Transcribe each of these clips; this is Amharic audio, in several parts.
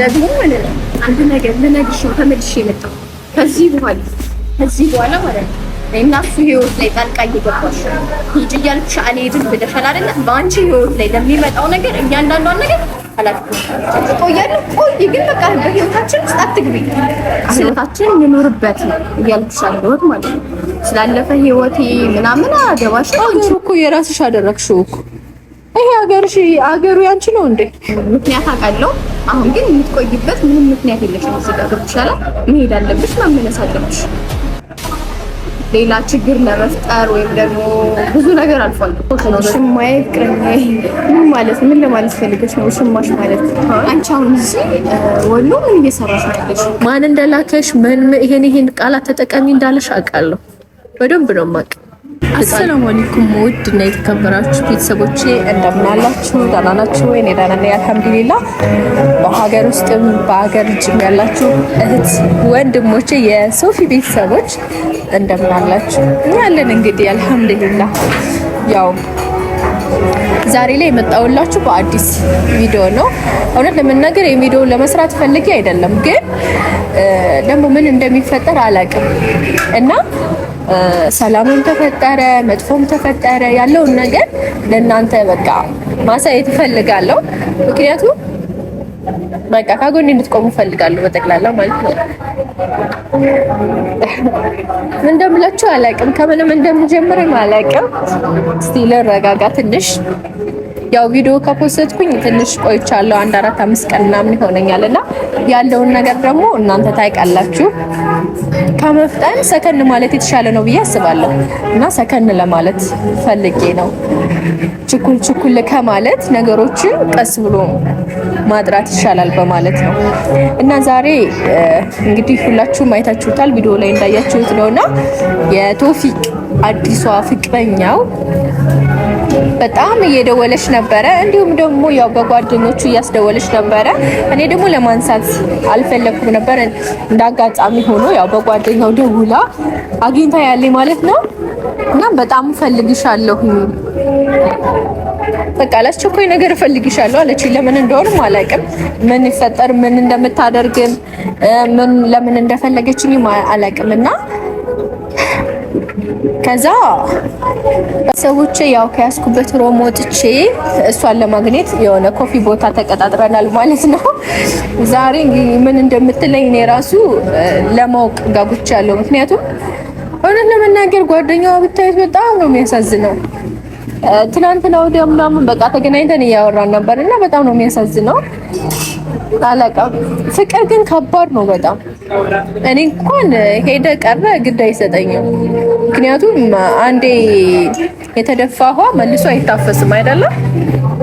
ደግሞ አንድ ነገር ልነግርሽ ነው ተመልሼ የመጣው ከዚህ በኋላ ከዚህ በኋላ ማለት ነው እናሱ ህይወት ላይ ጣልቃ እየገባሽ ሂጂ እያልኩሽ አልሄድም ብለሻል አይደለ በአንቺ ህይወት ላይ ለሚመጣው ነገር እያንዳንዷን ነገር እቆያለሁ ቆይ ግን በቃ በህይወታችን ውስጥ አትግቢ ህይወታችን እንኑርበት ነው እያልኩሽ ማለት ነው ስላለፈ ህይወቴ ምናምን አገባሽ እኮ የራስሽ አደረግሽው እኮ ይሄ ሀገር እሺ፣ ሀገሩ ያንቺ ነው እንዴ? ምክንያት አውቃለሁ። አሁን ግን የምትቆይበት ምንም ምክንያት የለሽም። እዚህ ጋር ገብቶሻል። መሄድ አለብሽ፣ መመለስ አለብሽ። ሌላ ችግር ለመፍጠር ወይም ደግሞ ብዙ ነገር አልፏል። ሽማዬ ፍቅረኛዬ ምን ማለት ምን ለማለት ፈልገሽ ነው? ሽማሽ ማለት አንቺ አሁን እዚህ ወሎ ምን እየሰራሽ ነው? ማን እንደላከሽ ምን ይሄን ይሄን ቃላት ተጠቀሚ እንዳለሽ አውቃለሁ። በደንብ ነው የማውቅ አሰላሙ አለይኩም ውድ እና የተከበራችሁ ቤተሰቦቼ እንደምን አላችሁ? ደህና ናችሁ ወይ? እኔ ደህና ነኝ አልሐምዱሊላህ። በሀገር ውስጥም በሀገር ውጭም ያላችሁ እህት ወንድሞቼ፣ የሶፊ ቤተሰቦች እንደምን አላችሁ? እንግዲህ አልሐምዱሊላህ። ያው ዛሬ ላይ የመጣሁላችሁ በአዲስ ቪዲዮ ነው። እውነት ለመናገር የቪዲዮ ለመስራት ፈልጌ አይደለም፣ ግን ደግሞ ምን እንደሚፈጠር አላውቅም እና ሰላምም ተፈጠረ መጥፎም ተፈጠረ ያለውን ነገር ለእናንተ በቃ ማሳየት እፈልጋለሁ። ምክንያቱም በቃ ከጎን እንድትቆሙ እፈልጋለሁ በጠቅላላ ማለት ነው። ምን እንደምላችሁ አላውቅም፣ ከምንም እንደምጀምርም አላውቅም። እስቲ ልረጋጋ ትንሽ ያው ቪዲዮ ከፖስትኩኝ ትንሽ ቆይቻለሁ። አንድ አራት አምስት ቀን ምናምን ይሆነኛል እና ያለውን ነገር ደግሞ እናንተ ታይቃላችሁ። ከመፍጠን ሰከን ማለት የተሻለ ነው ብዬ አስባለሁ እና ሰከን ለማለት ፈልጌ ነው። ችኩል ችኩል ከማለት ነገሮችን ቀስ ብሎ ማጥራት ይሻላል በማለት ነው እና ዛሬ እንግዲህ ሁላችሁም አይታችሁታል፣ ቪዲዮ ላይ እንዳያችሁት ነውና የቶፊቅ አዲሷ ፍቅረኛው በጣም እየደወለች ነበረ። እንዲሁም ደግሞ ያው በጓደኞቹ እያስደወለች ነበረ። እኔ ደግሞ ለማንሳት አልፈለግኩም ነበር። እንዳጋጣሚ ሆኖ ያው በጓደኛው ደውላ አግኝታ ያለኝ ማለት ነው። እና በጣም እፈልግሻለሁ በቃ ላስቸኳይ ነገር እፈልግሻለሁ አለች። ለምን እንደሆነ አላውቅም። ምን ይፈጠር ምን እንደምታደርግም ምን ለምን እንደፈለገችኝ አላውቅም እና ከዛ ሰዎች ያው ከያዝኩበት ሮም ወጥቼ እሷን ለማግኘት የሆነ ኮፊ ቦታ ተቀጣጥረናል ማለት ነው። ዛሬ ምን እንደምትለኝ እኔ ራሱ ለማወቅ ጓጉቻለሁ። ምክንያቱም እውነት ለመናገር ጓደኛዋ ብታዩት በጣም ነው የሚያሳዝነው። ትናንትና ወዲያ ምናምን በቃ ተገናኝተን እያወራን ነበር እና በጣም ነው የሚያሳዝነው። አላውቅም። ፍቅር ግን ከባድ ነው በጣም። እኔ እንኳን ሄደ ቀረ ግድ አይሰጠኝም። ምክንያቱም አንዴ የተደፋ ውሃ መልሶ አይታፈስም አይደለም።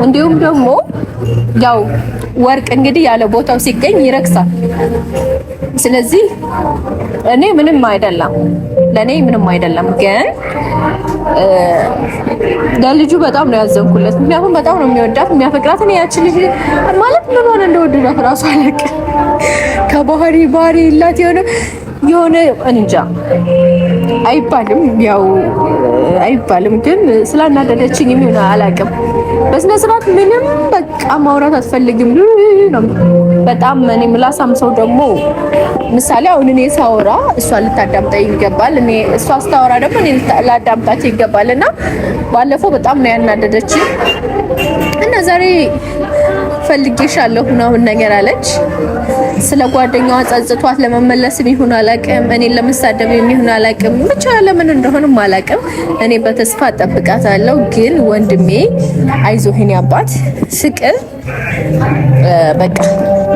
እንዲሁም ደግሞ ያው ወርቅ እንግዲህ ያለ ቦታው ሲገኝ ይረክሳል። ስለዚህ እኔ ምንም አይደለም፣ ለእኔ ምንም አይደለም ግን ለልጁ በጣም ነው ያዘንኩለት። ምክንያቱም በጣም ነው የሚወዳት የሚያፈቅራት። እኔ ያችን ልጅ ማለት ምን ሆነ እንደወደዳት ራሱ አለቀ። ከባህሪ ባህሪ የላት የሆነ የሆነ እንጃ አይባልም፣ ያው አይባልም። ግን ስላናደደችኝ የሚሆነ አላቅም በስነ ስርዓት ምንም በቃ ማውራት አትፈልግም። በጣም እኔ ምላሳም ሰው ደግሞ ምሳሌ አሁን እኔ ሳወራ እሷ ልታዳምጣ ይገባል፣ እኔ እሷ ስታወራ ደግሞ እኔ ላዳምጣት ይገባል። እና ባለፈው በጣም ነው ያናደደች እና ዛሬ ፈልጌሻለሁ ምናምን ነገር አለች። ስለ ጓደኛዋ ጸጽቷት ለመመለስም ይሁን አላቅም፣ እኔ ለመሳደብ የሚሆን አላቅም፣ ብቻ ለምን እንደሆንም አላቅም። እኔ በተስፋ እጠብቃታለሁ። ግን ወንድሜ አይዞህ የኔ አባት ፍቅር በቃ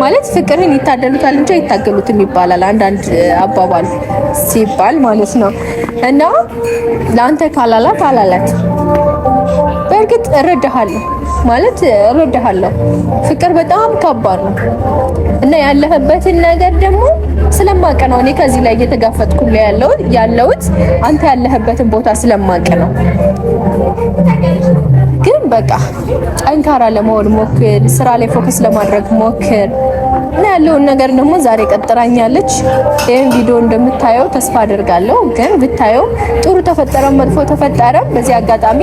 ማለት ፍቅርን ይታደሉታል እንጂ አይታገሉትም ይባላል አንዳንድ አባባል ሲባል ማለት ነው እና ለአንተ ካላላት አላላት በእርግጥ እረዳሃለሁ ማለት እረዳሃለሁ። ፍቅር በጣም ከባድ ነው እና ያለህበትን ነገር ደግሞ ስለማቅ ነው እኔ ከዚህ ላይ እየተጋፈጥኩላ ያለው ያለውት አንተ ያለህበትን ቦታ ስለማቅ ነው። ግን በቃ ጠንካራ ለመሆን ሞክር፣ ስራ ላይ ፎከስ ለማድረግ ሞክር እና ያለውን ነገር ደግሞ ዛሬ ቀጥራኛለች። ይህን ቪዲዮ እንደምታየው ተስፋ አድርጋለሁ ግን ብታየው ጥሩ ተፈጠረም መጥፎ ተፈጠረም በዚህ አጋጣሚ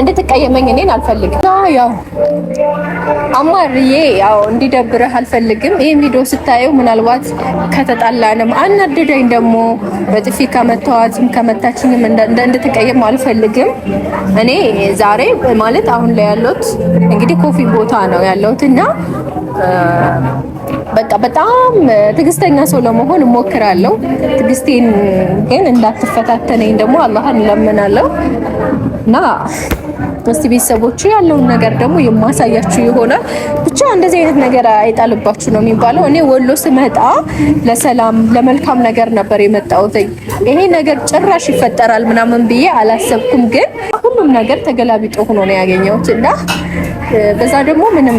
እንድትቀየመኝ እኔን አልፈልግም። ያው አማርዬ ያው እንዲደብርህ አልፈልግም። ይህም ቪዲዮ ስታየው ምናልባት ከተጣላንም አናደደኝ ደግሞ በጥፊ ከመታዋትም ከመታችኝም እንድትቀየም አልፈልግም። እኔ ዛሬ ማለት አሁን ላይ ያለሁት እንግዲህ ኮፊ ቦታ ነው ያለሁት እና በቃ በጣም ትግስተኛ ሰው ለመሆን እሞክራለሁ። ትግስቴን ግን እንዳትፈታተነኝ ደግሞ አላህን እለምናለሁ እና እስቲ ቤተሰቦቹ ያለውን ነገር ደግሞ የማሳያችሁ ይሆናል። ብቻ እንደዚህ አይነት ነገር አይጣልባችሁ ነው የሚባለው። እኔ ወሎ ስመጣ ለሰላም ለመልካም ነገር ነበር የመጣሁት። ይሄ ነገር ጭራሽ ይፈጠራል ምናምን ብዬ አላሰብኩም፣ ግን ሁሉም ነገር ተገላቢጦ ሆኖ ነው ያገኘሁት እና በዛ ደግሞ ምንም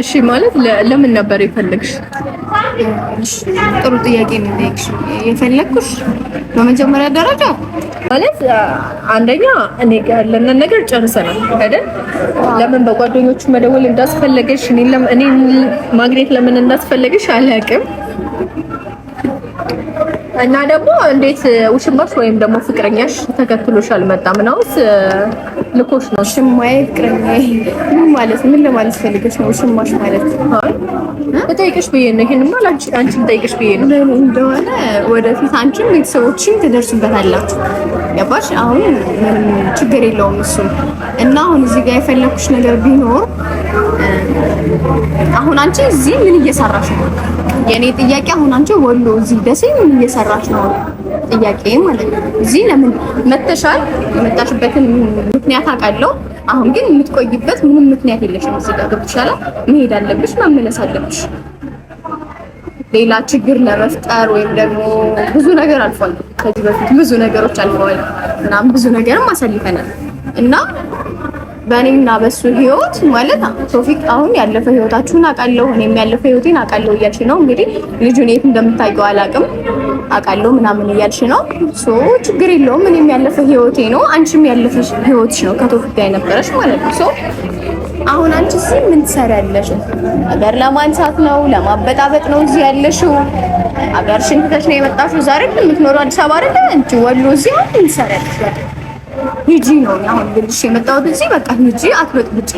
እሺ ማለት ለምን ነበር የፈለግሽ? ጥሩ ጥያቄ ነው የጠየቅሽ። የፈለግኩሽ በመጀመሪያ ደረጃ ማለት አንደኛ እኔ ጋር ያለንን ነገር ጨርሰናል አይደል? ለምን በጓደኞቹ መደወል እንዳስፈለገሽ እኔ ማግኘት ለምን እንዳስፈለገሽ አላውቅም። እና ደግሞ እንዴት ውሽማሽ ወይም ደግሞ ፍቅረኛሽ ተከትሎሽ አልመጣም? ነው ልኮሽ ነው? ውሽማዬ ፍቅረኛዬ ምን ማለት ምን ለማለት ፈልገሽ ነው? ውሽማሽ ማለት እጠይቅሽ ብዬ ነው። ይሄን ይሄንማ አንቺ እጠይቅሽ ብዬ ነው። እንደሆነ ወደፊት አንቺም ቤተሰቦችሽም ትደርሱበታላችሁ። ገባሽ? አሁን ምንም ችግር የለውም እሱ እና አሁን እዚህ ጋር የፈለኩሽ ነገር ቢኖር አሁን አንቺ እዚህ ምን እየሰራሽ ነው? የኔ ጥያቄ አሁን አንቺ ወሎ እዚህ ደሴ ምን እየሰራች ነው? ጥያቄ ማለት ነው። እዚህ ለምን መተሻል? የመጣሽበትን ምክንያት አውቃለሁ። አሁን ግን የምትቆይበት ምንም ምክንያት የለሽም። እዚህ ጋር ገብተሻል። መሄድ አለብሽ፣ መመለስ አለብሽ። ሌላ ችግር ለመፍጠር ወይም ደግሞ ብዙ ነገር አልፏል። ከዚህ በፊት ብዙ ነገሮች አልፈዋል። እናም ብዙ ነገርም አሳልፈናል እና በእኔና በሱ ህይወት ማለት ቶፊቅ አሁን ያለፈ ህይወታችሁን አውቃለሁ፣ እኔም ያለፈ ህይወቴን አውቃለሁ እያልሽ ነው። እንግዲህ ልጁን የት እንደምታውቂው አላውቅም፣ አውቃለሁ ምናምን እያልሽ ነው። ሶ ችግር የለውም። እኔም ያለፈ ህይወቴ ነው፣ አንቺም ያለፈ ህይወትሽ ነው፣ ከቶፊቅ ጋር የነበረሽ ማለት ነው። ሶ አሁን አንቺ ሲ ምን ትሰሪያለሽ? ነገር ለማንሳት ነው ለማበጣበጥ ነው እዚህ ያለሽው? አገርሽን ትተሽ ነው የመጣሽው። ዛሬ የምትኖረው አዲስ አበባ አይደለ? ወሎ እዚህ ምን ትሰሪያለሽ? ሂጂ ነው አሁን ልልሽ የመጣሁት እዚህ በቃ ሂጂ አትበጥብጪ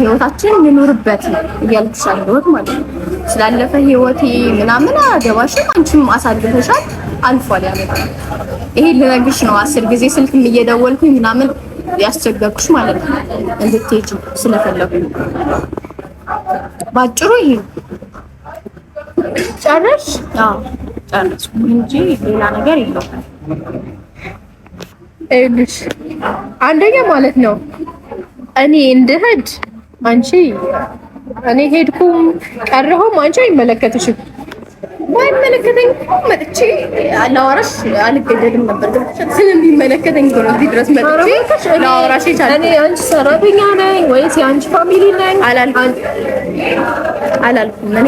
ህይወታችን እንኑርበት እያልኩሽ አለሁት ማለት ነው። ስላለፈ ህይወቴ ምናምን አገባሽም አንቺም አሳልፈሻል፣ አልፏል። ያመጣ ይሄ ልነግርሽ ነው። አስር ጊዜ ስልክ እየደወልኩኝ ምናምን ያስቸገርኩሽ ማለት ነው እንድትሄጂ ስለፈለጉኝ ባጭሩ ይሄ ጨረሽ? ጨረስኩ እንጂ ሌላ ነገር የለውም። ይኸውልሽ አንደኛ ማለት ነው እኔ እንድሄድ አንቺ እኔ ሄድኩም ቀረሁም አንቺ አይመለከትሽም። ባይመለከተኝ መጥቼ ላወራሽ አልገደድም ነበር። ግን ስለሚመለከተኝ ነው እዚህ ድረስ መጥቼ ላወራሽ የቻልኩት። እኔ አንቺ ሰራተኛ ነኝ ወይስ የአንቺ ፋሚሊ ነኝ አላልኩም። እኔ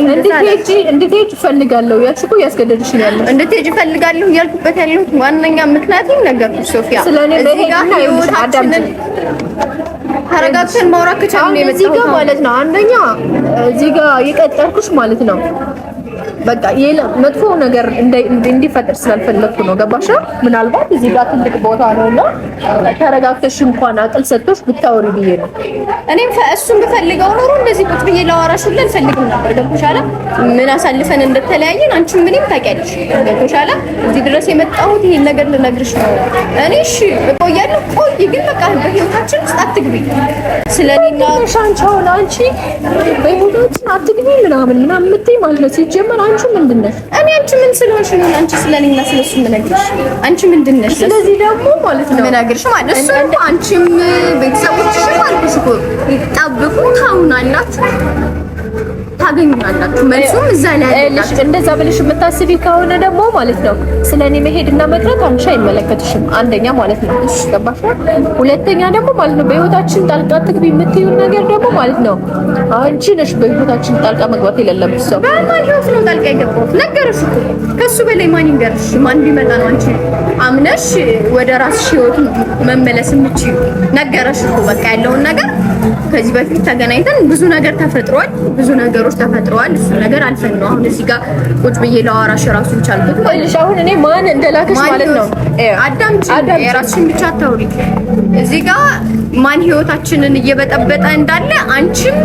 እንድትሄጂ እፈልጋለሁ ያልሽ እኮ እያስገደድሽ ነው ያለሽ። እንድትሄጂ እፈልጋለሁ እያልኩበት ያለሁት ዋነኛ ምክንያት ነገርኩሽ ሶፊያ። እዚህ ጋር ህይወታችንን ተረጋግተን ማውራት ከቻልን እዚህ ጋር ማለት ነው። አንደኛ እዚህ ጋር የቀጠርኩሽ ማለት ነው በቃ የለም መጥፎ ነገር እንዲፈጠር ስላልፈለኩ ነው። ገባሽ? ምናልባት እዚህ ጋር ትልቅ ቦታ ነው እና ተረጋግተሽ እንኳን አቅል ሰጥቶሽ ብታወሪ ብዬ ነው። እኔም እሱን ብፈልገው ኖሮ እንደዚህ ቁጭ ብዬ ላወራሽ ሁሉ አልፈልግም ነበር። ገብቶሻል? ምን አሳልፈን እንደተለያየን አንቺም ምንም ታውቂያለሽ። ገብቶሻል? እዚህ ድረስ የመጣሁት ይሄን ነገር ልነግርሽ ነው። እኔ እሺ እቆያለሁ። ቆይ ግን በቃ በህይወታችን ውስጥ አትግቢ። ስለኔና ሻንቻውን አንቺ በህይወታችን አትግቢ ምናምን ምናምን የምትይ ማለት ነው ሲጀመር አንቺ ምንድን ነሽ? እኔ አንቺ ምን ስለሆንሽ ነው? አንቺ ስለኔና ስለሱ የምነግርሽ አንቺ ምንድን ነሽ? ስለዚህ ደግሞ ማለት ነው የምነግርሽ ማለት እሱ አንቺም ቤተሰቦችሽ ማለት ነው ጠብቁ ታውናላችሁ ታገኙኛላችሁ። መልሱም እዛ ላይ ያለሽ። እንደዛ ብለሽ የምታስቢ ከሆነ ደግሞ ማለት ነው ስለኔ እኔ መሄድና መቅረት አንቺ አይመለከትሽም። አንደኛ ማለት ነው እሺ ገባሽ። ሁለተኛ ደግሞ ማለት ነው በህይወታችን ጣልቃ ትግቢ የምትዩ ነገር ደግሞ ማለት ነው አንቺ ነሽ በህይወታችን ጣልቃ መግባት የሌለብሽ ሰው። በማን ህይወት ነው ጣልቃ የገባሁት? ነገርሽ እኮ ከሱ በላይ ማን ይንገርሽ? ማን ቢመጣ ነው አንቺ አምነሽ ወደ ራስሽ ህይወት መመለስ የምትችይው? ነገርሽ እኮ በቃ ያለውን ነገር ከዚህ በፊት ተገናኝተን ብዙ ነገር ተፈጥሯል፣ ብዙ ነገሮች ተፈጥረዋል። እሱ ነገር አልፈን ነው አሁን እዚህ ጋር ቁጭ ብዬ ላወራሽ ራሱ ይቻልኩት ማለት አሁን እኔ ማን እንደላከሽ ማለት ነው። አዳምጪ፣ የራስሽን ብቻ አታውሪ። እዚህ ጋር ማን ህይወታችንን እየበጠበጠ እንዳለ አንቺም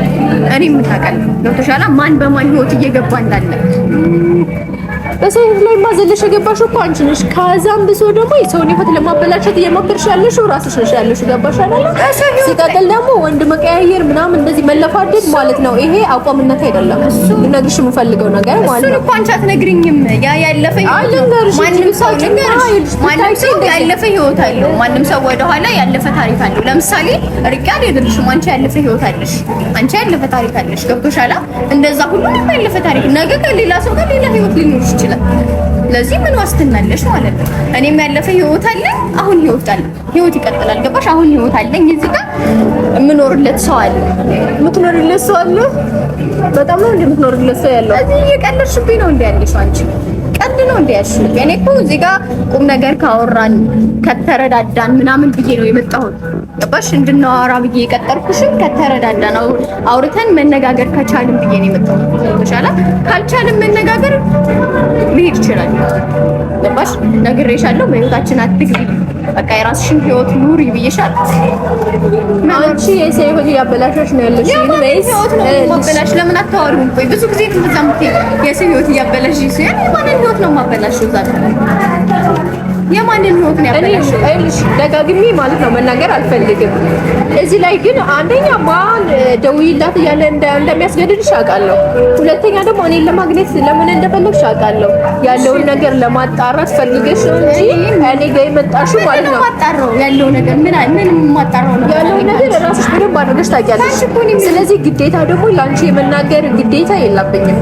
እኔም ታውቃለህ ነው ተሻላ ማን በማን ህይወት እየገባ እንዳለ በሴት ላይ ማዘለሽ የገባሽው እኮ አንቺ ነሽ። ከዛም ብሶ ደግሞ የሰውን ህይወት ለማበላሸት እየሞከርሽ ያለሽው ራስሽ ነሽ ያለሽው። ገባሽ አይደል? ሲቀጥል ደግሞ ወንድ መቀያየር ምናምን እንደዚህ መለፋደድ ማለት ነው። ይሄ አቋምነት አይደለም። ልነግርሽ የምፈልገው ነገር ማለት ነው። እሱ እኮ አንቺ አትነግሪኝም። ያ ያለፈ ህይወት አለው። ማንም ሰው ወደኋላ ያለፈ ታሪክ አለው። ለምሳሌ ርቅ አይደለሽም። አንቺ ያለፈ ህይወት አለሽ። አንቺ ያለፈ ታሪክ አለሽ። ገብቶሻል። እንደዛ ሁሉ ያለፈ ታሪክ ነገ ከሌላ ሰው ጋር ሌላ ህይወት ሊኖርሽ ይችላል። አይደለም። ለዚህ ምን ዋስትና አለሽ ማለት ነው። እኔም ያለፈ ህይወት አለ፣ አሁን ህይወት አለ፣ ህይወት ይቀጥላል። ገባሽ? አሁን ህይወት አለኝ፣ እዚህ ጋር የምኖርለት ሰው አለ፣ የምትኖርለት ሰው አለ። በጣም ነው እንደምትኖርለት ሰው ያለው። እዚህ እየቀለድሽብኝ ነው እንዴ ያለሽው አንቺ ቀድ ነው እንደ ያሽልኝ? እኔ እኮ እዚህ ጋር ቁም ነገር ካወራን ከተረዳዳን ምናምን ብዬ ነው የመጣሁት። ገባሽ? እንድናወራ ብዬ የቀጠርኩሽን ከተረዳዳን አውርተን መነጋገር ከቻልን ብዬ ነው የመጣሁት። ተሻለ ካልቻልን መነጋገር መሄድ ይችላል። ገባሽ? ነግሬሻለሁ። በህይወታችን አትግቢ በቃ የራስሽን ህይወት ኑሪ ብዬሻል። አንቺ የሰው ህይወት እያበላሸሽ ነው ያለሽ። ለምን አታወሪም? ቆይ ብዙ ጊዜ የሰው ህይወት እያበላሽ ሲሆን የማንን ህይወት ነው ማበላሽ? የማበላሽው? የማንን ህይወት ነው ያበላሽው? ደጋግሜ ማለት ነው መናገር አልፈልግም እዚህ ላይ ግን አንደኛ ማን ደውይላት እያለ እንደሚያስገድድሽ አውቃለሁ። ሁለተኛ ደግሞ እኔን ለማግኘት ለምን እንደፈለግሽ አውቃለሁ። ያለውን ነገር ለማጣራት ፈልገሽ ነው እንጂ እኔ ጋር የመጣሽው ማለት ነው። ያለው ነገር ምን ምን ማጣራው ነው ያለው ነገር ራስሽ ምንም አድርገሽ ታውቂያለሽ። ስለዚህ ግዴታ ደግሞ ለአንቺ የመናገር ግዴታ የለብኝም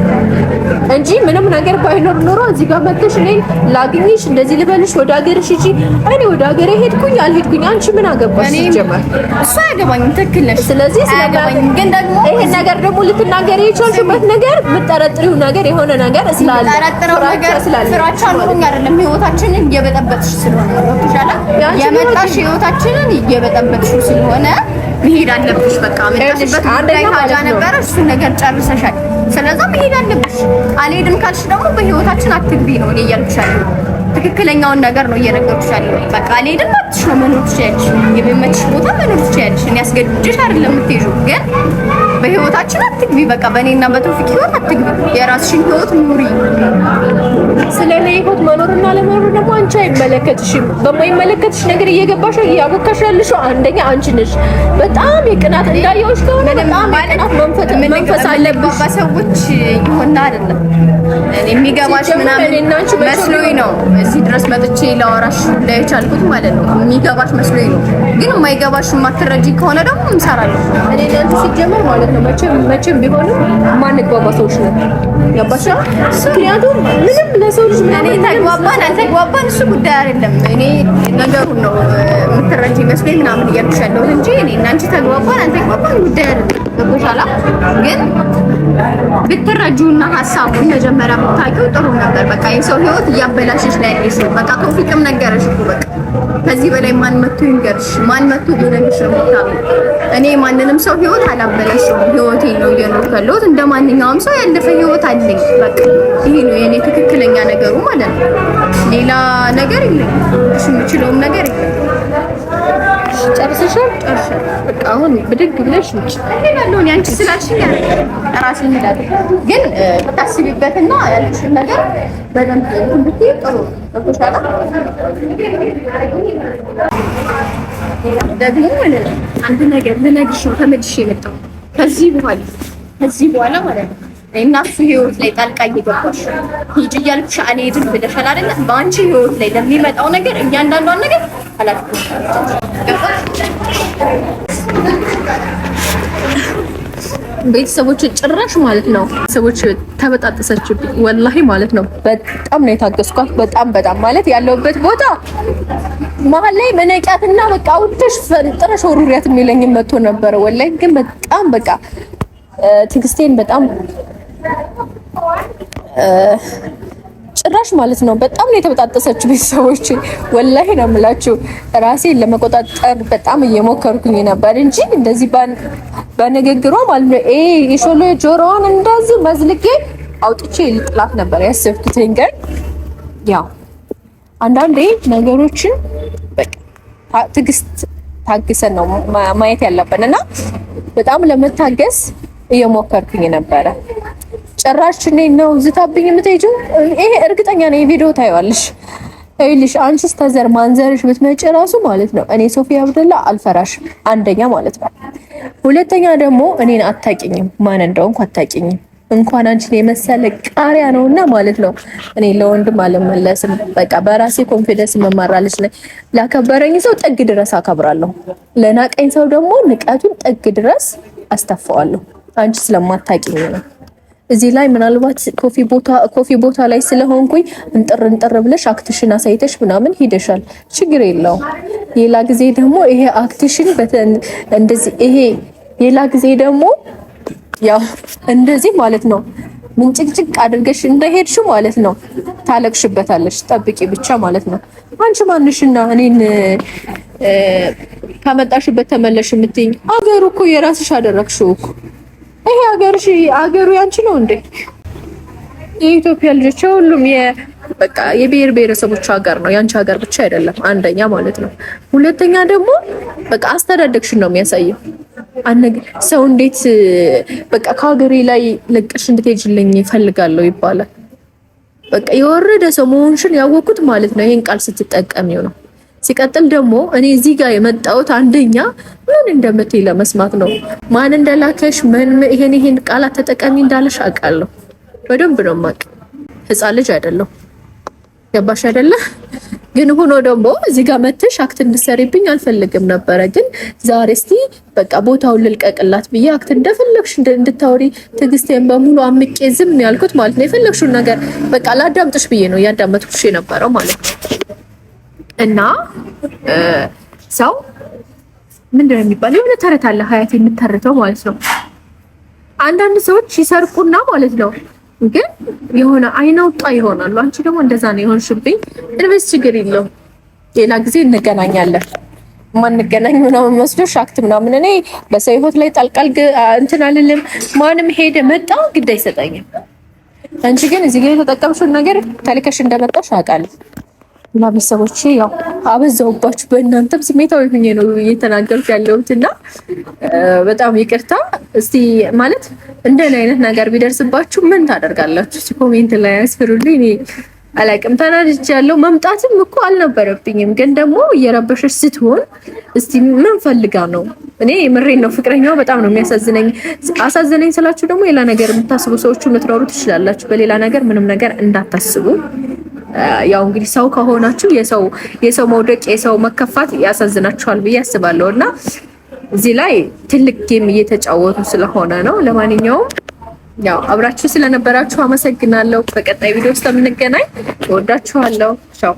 እንጂ ምንም ነገር ባይኖር ኖሮ እዚህ ጋር መጥተሽ እኔ ላግኝሽ እንደዚህ ልበልሽ ወደ ሀገርሽ እንጂ እኔ ወደ ሀገሬ ሄድኩኝ አልሄድኩኝ አንቺ ምን አገባሽ ይጀምራል። እሱ አያገባኝም። ትክክል ነሽ። ስለዚህ ስለአያገባኝም ግን ደግሞ ይሄን ነገር ደግሞ ልትናገሪ የቻልሽበት ነገር የምጠረጥሪው ነገር የሆነ ነገር ስላለ የምጠረጥረው ነገር ፍራቻ ኑሮኝ አይደለም። ህይወታችንን እየበጠበጥሽ ስለሆነ ይሻላል የመጣሽ ህይወታችንን እየበጠበጥሽ ስለሆነ መሄድ አለብሽ። በቃ መጣሽበት ጉዳይ ሀጃ ነበረ፣ እሱን ነገር ጨርሰሻል። ስለዛ መሄድ አለብሽ። አልሄድም ካልሽ ደግሞ በህይወታችን አትግቢ ነው እኔ እያልኩሻለሁ። ትክክለኛውን ነገር ነው እየነገርኩሽ ያለው። በቃ አልሄድም አትሽ ነው መኖር ትችያለሽ፣ የሚመችሽ ቦታ መኖር ትችያለሽ። እኔ አስገድጄሽ አይደለም የምትሄጂው፣ ግን በህይወታችን አትግቢ። በቃ በእኔና በቶፊቅ ህይወት አትግቢ። የራስሽን ህይወት ኑሪ። ስለ እኔ ህይወት መኖርና ለመኖር ደግሞ አንቺ አይመለከትሽም። በማይመለከትሽ ነገር እየገባሽ እያቦካሽ ያለሽው አንደኛ አንቺ ነሽ። በጣም የቅናት እንዳየሁሽ ከሆነ በጣም የቅናት መንፈስ አለብሽ። በሰዎች ይሆና አይደለም የሚገባሽ ምናምን መስሎኝ ነው እዚህ ድረስ መጥቼ ላወራሽ ላይ የቻልኩት ማለት ነው። የሚገባሽ መስሎኝ ነው፣ ግን የማይገባሽ የማትረጂ ከሆነ ደግሞ እንሰራለን። እኔ እናንተ ሲጀመር ማለት ነው መቼም ቢሆንም ማንግባባ ሰዎች ነው ገባሽ? ምክንያቱም ምንም ለሰው ልጅ እኔ ተግባባን አልተግባባን እሱ ጉዳይ አይደለም። እኔ ነገሩን ነው የምትረጂ መስሎኝ ምናምን እያልኩሽ ያለሁት እንጂ እኔ እናንቺ ተግባባን አልተግባባን ጉዳይ አይደለም። ገባሽ? አላ ግን ብትረጁና ሀሳቡን መጀመሪያ ብታውቂው ጥሩ ነበር። በቃ የሰው ህይወት እያበላሸች ላይ ነው። በቃ ቶፊቅም ነገረሽ በቃ ከዚህ በላይ ማን መጥቶ ይንገርሽ? ማን መጥቶ ይነግርሽ? እኔ ማንንም ሰው ህይወት አላበላሽም። ህይወቴ ነው እየኖርኩ ያለሁት። እንደ ማንኛውም ሰው ያለፈ ህይወት አለኝ። በቃ ይሄ ነው የኔ ትክክለኛ ነገሩ ማለት ነው። ሌላ ነገር የለኝም። እሺ የምችለውም ነገር የለኝም። ጨርሰሻል? ጨርሻለሁ። በቃ አሁን ብድግ ብለሽ ውጭ ሄዳለሁን ያንቺ ስላልሽኝ ራሴ ሄዳለ። ግን ብታስቢበትና ያልሽን ነገር በደንብ ብትይ ጥሩ ቶሻላ ደግሞ አንድ ነገር ልነግርሽ ነው ተመልሼ የመጣሁ ከዚህ በኋላ ከዚህ በኋላ ማለት ነው እናሱ ህይወት ላይ ጣልቃ እየገባሽ ሂጂ እያልኩሽ አልሄድም ብለሻል አይደለ? በአንቺ ህይወት ላይ ለሚመጣው ነገር እያንዳንዷን ነገር አላልኩሽ። ቤተሰቦች ጭራሽ ማለት ነው ሰዎች ተበጣጠሰችብኝ፣ ወላሂ ማለት ነው። በጣም ነው የታገስኳት። በጣም በጣም ማለት ያለውበት ቦታ መሀል ላይ መነቂያትና በቃ ውድሽ ፈንጥረሽ ወሩሪያት የሚለኝ መጥቶ ነበረ። ወላሂ ግን በጣም በቃ ትግስቴን በጣም ጭራሽ ማለት ነው። በጣም ነው የተበጣጠሰችው። ቤተሰቦች ወላሂ ነው የምላችሁ። ራሴን ለመቆጣጠር በጣም እየሞከርኩኝ ነበር እንጂ እንደዚህ በንግግሯ ማለት ነው እ የሾሎ ጆሮዋን እንደዚህ መዝልጌ አውጥቼ ልጥላት ነበር ያሰብኩት። ግን ያው አንዳንዴ ነገሮችን ትግስት ታግሰን ነው ማየት ያለብን እና በጣም ለመታገስ እየሞከርኩኝ ነበረ። ጭራሽ እንዴት ነው ዝታብኝ የምትሄጂው? ይሄ እርግጠኛ ነኝ ቪዲዮ ታይዋለሽ። ይኸውልሽ አንቺስ ተዘር ማንዘርሽ ብትመጪ ራሱ ማለት ነው እኔ ሶፊያ አብደላ አልፈራሽ፣ አንደኛ ማለት ነው። ሁለተኛ ደግሞ እኔን አታቂኝም፣ ማን እንደሆንኩ አታቂኝም። እንኳን አንቺን የመሰለ ቃሪያ ነውና ማለት ነው እኔ ለወንድም አልመለስም። በቃ በራሴ ኮንፊደንስ መማራለች ነኝ። ላከበረኝ ሰው ጥግ ድረስ አከብራለሁ፣ ለናቀኝ ሰው ደግሞ ንቀቱን ጥግ ድረስ አስተፋዋለሁ። አንቺ ስለማታቂኝ ነው እዚህ ላይ ምናልባት ኮፊ ቦታ ኮፊ ቦታ ላይ ስለሆንኩኝ እንጥር እንጥር ብለሽ አክትሽን አሳይተሽ ምናምን ሂደሻል፣ ችግር የለው። ሌላ ጊዜ ደግሞ ይሄ አክትሽን እንደዚህ ይሄ ሌላ ጊዜ ደግሞ ያው እንደዚህ ማለት ነው ምንጭቅጭቅ አድርገሽ እንደሄድሽ ማለት ነው ታለቅሽበታለሽ። ጠብቂ ብቻ ማለት ነው። አንቺ ማንሽና እኔን ከመጣሽበት ተመለሽ የምትይኝ? አገሩ እኮ የራስሽ አደረግሽው እኮ ይሄ ሀገር ሀገሩ ያንቺ ነው እንዴ? የኢትዮጵያ ልጆች ሁሉም በቃ የብሔር ብሔረሰቦች ሀገር ነው። ያንቺ ሀገር ብቻ አይደለም፣ አንደኛ ማለት ነው። ሁለተኛ ደግሞ በቃ አስተዳደግሽን ነው የሚያሳየው። ሰው እንዴት በቃ ከሀገሬ ላይ ለቀሽ እንድትሄጂልኝ እፈልጋለሁ ይባላል። በቃ የወረደ ሰው መሆንሽን ያወቅኩት ማለት ነው ይሄን ቃል ስትጠቀሚው ነው። ሲቀጥል ደግሞ እኔ እዚህ ጋር የመጣሁት አንደኛ ምን እንደምትይ ለመስማት ነው። ማን እንደላከሽ ምን ይሄን ይሄን ቃላት ተጠቀሚ እንዳለሽ አውቃለሁ። በደንብ ነው ማቅ ህፃን ልጅ አይደለሁ። ገባሽ አይደለ? ግን ሆኖ ደግሞ እዚህ ጋር መተሽ አክት እንድሰሪብኝ አልፈልግም ነበረ። ግን ዛሬ እስቲ በቃ ቦታውን ልልቀቅላት ብዬ አክት እንደፈለግሽ እንድታወሪ ትዕግስቴን በሙሉ አምቄ ዝም ያልኩት ማለት ነው። የፈለግሽውን ነገር በቃ ላዳምጥሽ ብዬ ነው እያዳመጥኩሽ የነበረው ማለት ነው። እና ሰው ምንድን ነው የሚባለው የሆነ ተረት አለ ሀያት የምተርተው ማለት ነው። አንዳንድ ሰዎች ይሰርቁና ማለት ነው ግን የሆነ አይናውጣ ይሆናሉ። አንቺ ደግሞ እንደዛ ነው የሆንሽብኝ። እንበስ ችግር ለው ሌላ ጊዜ እንገናኛለን። ማንገናኝ ምናምን መስሎሽ አክት ምናምን እኔ በሰው ህይወት ላይ ጣልቃል እንትን አልልም። ማንም ሄደ መጣ ግድ አይሰጠኝም። አንቺ ግን እዚህ ጋር የተጠቀምሽውን ነገር ተልከሽ እንደመጣሽ አውቃለሁ። እና ቤተሰቦቼ ያው አበዛውባችሁ፣ በእናንተም ስሜታዊ ሁኜ ነው እየተናገርኩ ያለሁት እና በጣም ይቅርታ። እስቲ ማለት እንደኔ አይነት ነገር ቢደርስባችሁ ምን ታደርጋላችሁ? ኮሜንት ላይ ያስፍሩልኝ። እኔ አላቅም ተናድጅ ያለው መምጣትም እኮ አልነበረብኝም፣ ግን ደግሞ እየረበሸች ስትሆን እስቲ ምን ፈልጋ ነው? እኔ ምሬን ነው ፍቅረኛዋ በጣም ነው የሚያሳዝነኝ። አሳዝነኝ ስላችሁ ደግሞ ሌላ ነገር የምታስቡ ሰዎቹ ልትኖሩ ትችላላችሁ። በሌላ ነገር ምንም ነገር እንዳታስቡ ያው እንግዲህ ሰው ከሆናችሁ የሰው የሰው መውደቅ የሰው መከፋት ያሳዝናችኋል ብዬ አስባለሁ እና እዚህ ላይ ትልቅ ጌም እየተጫወቱ ስለሆነ ነው። ለማንኛውም ያው አብራችሁ ስለነበራችሁ አመሰግናለሁ። በቀጣይ ቪዲዮ ስለምንገናኝ እወዳችኋለሁ። ቻው